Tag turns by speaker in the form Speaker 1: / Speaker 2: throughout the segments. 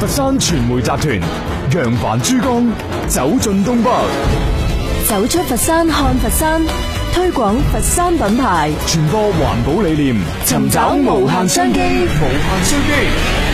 Speaker 1: 佛山傳媒集團揚帆珠江，走進東北，走出佛山看佛山，推廣佛山品牌，傳播環保理念，尋找無限商機，無限商機。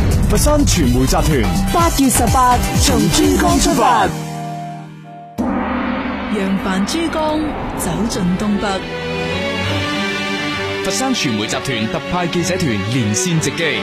Speaker 1: 佛山傳媒集團八月十八日從珠江出發，揚帆珠江走進東北。佛山傳媒集團特派記者團連線直擊。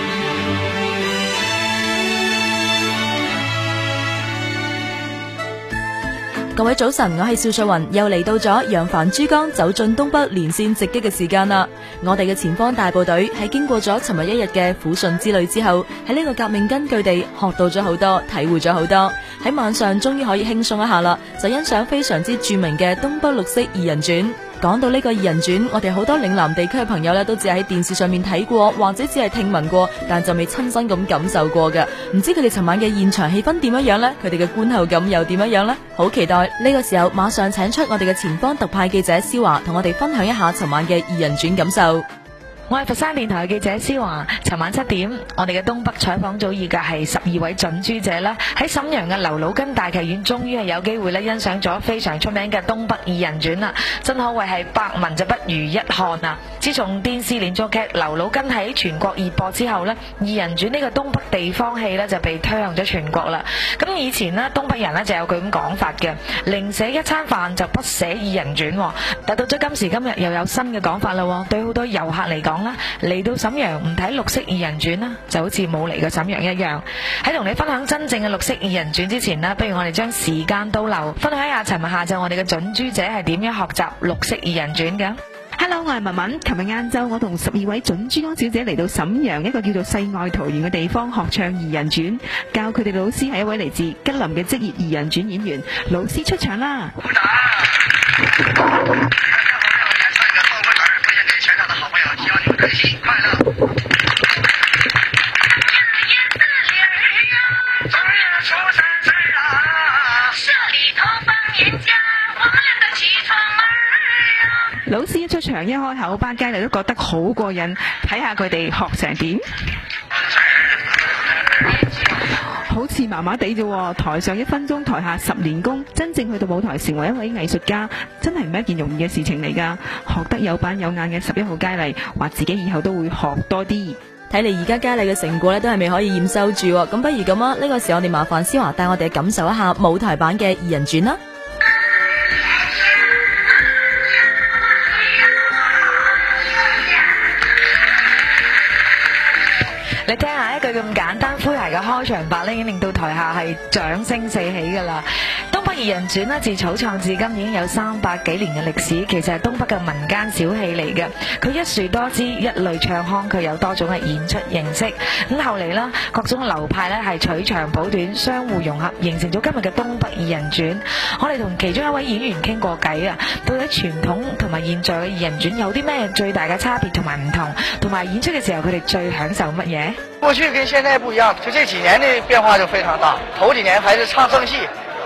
Speaker 1: 各位早晨，我係邵瑞云，又嚟到咗揚帆珠江，走進東北連線直擊嘅時間啦！我哋嘅前方大部隊喺經過咗尋日一日嘅撫順之旅之後，喺呢個革命根據地學到咗好多，體會咗好多，喺晚上終於可以輕鬆一下啦，就欣賞非常之著名嘅《東北綠色二人轉》。講到呢個二人轉，我哋好多嶺南地區嘅朋友都只係喺電視上面睇過，或者只係聽聞過，但就未親身咁感受過㗎。唔知佢哋尋晚嘅現場氣氛點樣樣呢？佢哋嘅觀後感又點樣樣呢？好期待呢、呢個時候，馬上請出我哋嘅前方特派記者施華，同我哋分享一下尋晚嘅二人轉感受。我係佛山電台記者施華。尋晚七點，我哋嘅
Speaker 2: 東北採訪組而家係十二位準珠者喺瀋陽嘅劉老根大劇院，終於係有機會咧欣賞咗非常出名嘅東北二人轉啦。真可謂係百聞就不如一看啊！自從電視連續劇《劉老根》喺全國熱播之後咧，二人轉呢個東北地方戲咧就被推向咗全國啦。噉以前咧，東北人咧就有佢噉講法嘅，寧捨一餐飯，就不捨二人轉。但到咗今時今日，又有新嘅講法啦。對好多遊客嚟講，嚟到沈陽唔睇綠色二人轉啦，就好似冇嚟過沈陽一樣。喺同你分享真正嘅綠色二人轉之前啦，不如我哋將時間倒流，分享一下尋日下晝我哋嘅準珠姐係點樣學習綠色二人轉嘅。Hello，我係文文。琴日晏晝我同十二位準珠江小姐嚟到沈陽一個叫做世外桃源嘅地方學唱二人轉，教佢哋老師係一位嚟自吉林嘅職業二人轉演員。老師出場啦！
Speaker 1: 快樂 老師一出場，
Speaker 2: 一開口，班佳麗都覺得好過癮。睇下佢哋學成點。好似麻麻地啫，台上一分鐘，台下十年功，真正去到舞台成為一位藝術家，真係唔係一件容易嘅事情嚟噶。學得有板
Speaker 1: 有眼嘅十一號佳麗，話自己以後都會學多啲。睇嚟而家佳麗嘅成果咧，都係未可以驗收住。咁不如咁啊，呢、這個時候我哋麻煩思華帶我哋感受一下舞台版嘅二人轉啦。你聽下一句
Speaker 2: 咁簡單，詼諧嘅開場白咧，已經令到台下係掌聲四起㗎啦！東北二人轉咧，自草創至今已經有三百幾年嘅歷史，其實係東北嘅民間小戲嚟嘅。佢一樹多枝，一類唱腔，佢有多種嘅演出形式。咁後嚟啦，各種流派咧係取長補短，相互融合，形成咗今日嘅東北二人轉。我哋同其中一位演員傾過偈啊，到底傳統同埋現在嘅二人轉有啲咩最大嘅差別同埋唔同，同埋演出嘅時候佢哋最享受乜嘢？過去跟現在不一樣，就這幾年嘅變化就非常大。頭幾年還是唱正戲。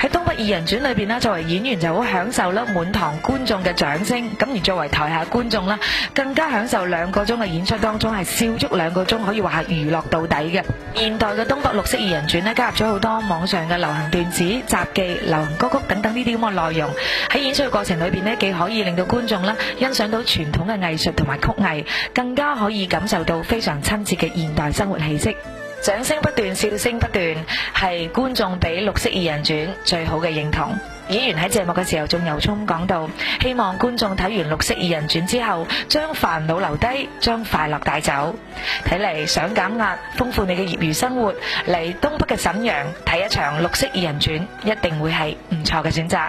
Speaker 2: 喺《東北二人轉》裏邊咧，作為演員就好享受啦，滿堂觀眾嘅掌聲；咁而作為台下的觀眾啦，更加享受兩個鐘嘅演出當中係笑足兩個鐘，可以話係娛樂到底嘅。現代嘅東北綠色二人轉咧，加入咗好多網上嘅流行段子、雜技、流行歌曲等等呢啲咁嘅內容。喺演出嘅過程裏邊咧，既可以令到觀眾啦欣賞到傳統嘅藝術同埋曲藝，更加可以感受到非常親切嘅現代生活氣息。掌聲不斷，笑聲不斷，係觀眾俾《綠色二人轉》最好嘅認同。演員喺節目嘅時候仲由衷講到，希望觀眾睇完《綠色二人轉》之後，將煩惱留低，將快樂帶走。睇嚟，想減壓，豐富你嘅業餘生活，嚟東北嘅瀋陽睇一場《綠色二人轉》，一定會係唔錯嘅選擇。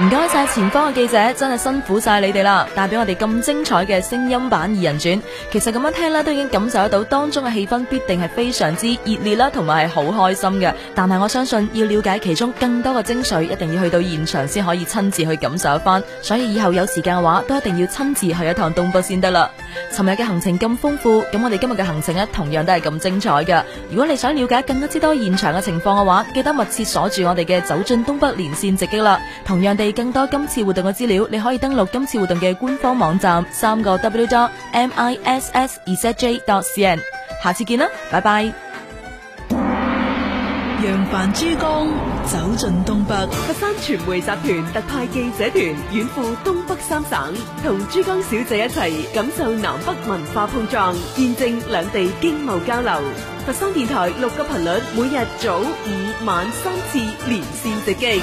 Speaker 1: 唔該晒前方嘅記者，真係辛苦晒你哋啦！帶俾我哋咁精彩嘅聲音版二人轉，其實咁樣聽呢，都已經感受得到當中嘅氣氛必定係非常之熱烈啦，同埋係好開心嘅。但係我相信要了解其中更多嘅精髓，一定要去到現場先可以親自去感受一番。所以以後有時間嘅話，都一定要親自去一趟東北先得啦。尋日嘅行程咁豐富，咁我哋今日嘅行程咧，同樣都係咁精彩㗎。如果你想了解更加之多現場嘅情況嘅話，記得密切鎖住我哋嘅《走進東北連線》直擊啦。同樣地，更多今次活動嘅資料，你可以登錄今次活動嘅官方網站三個 W 加 M I S S E J dot C N。下次見啦，拜拜。揚帆珠江，走進東北。佛山傳媒集團特派記者團遠赴東北三省，同珠江小姐一齊感受南北文化碰撞，見證兩地經貿交流。佛山電台六個頻率，每日早午晚三次連線直擊。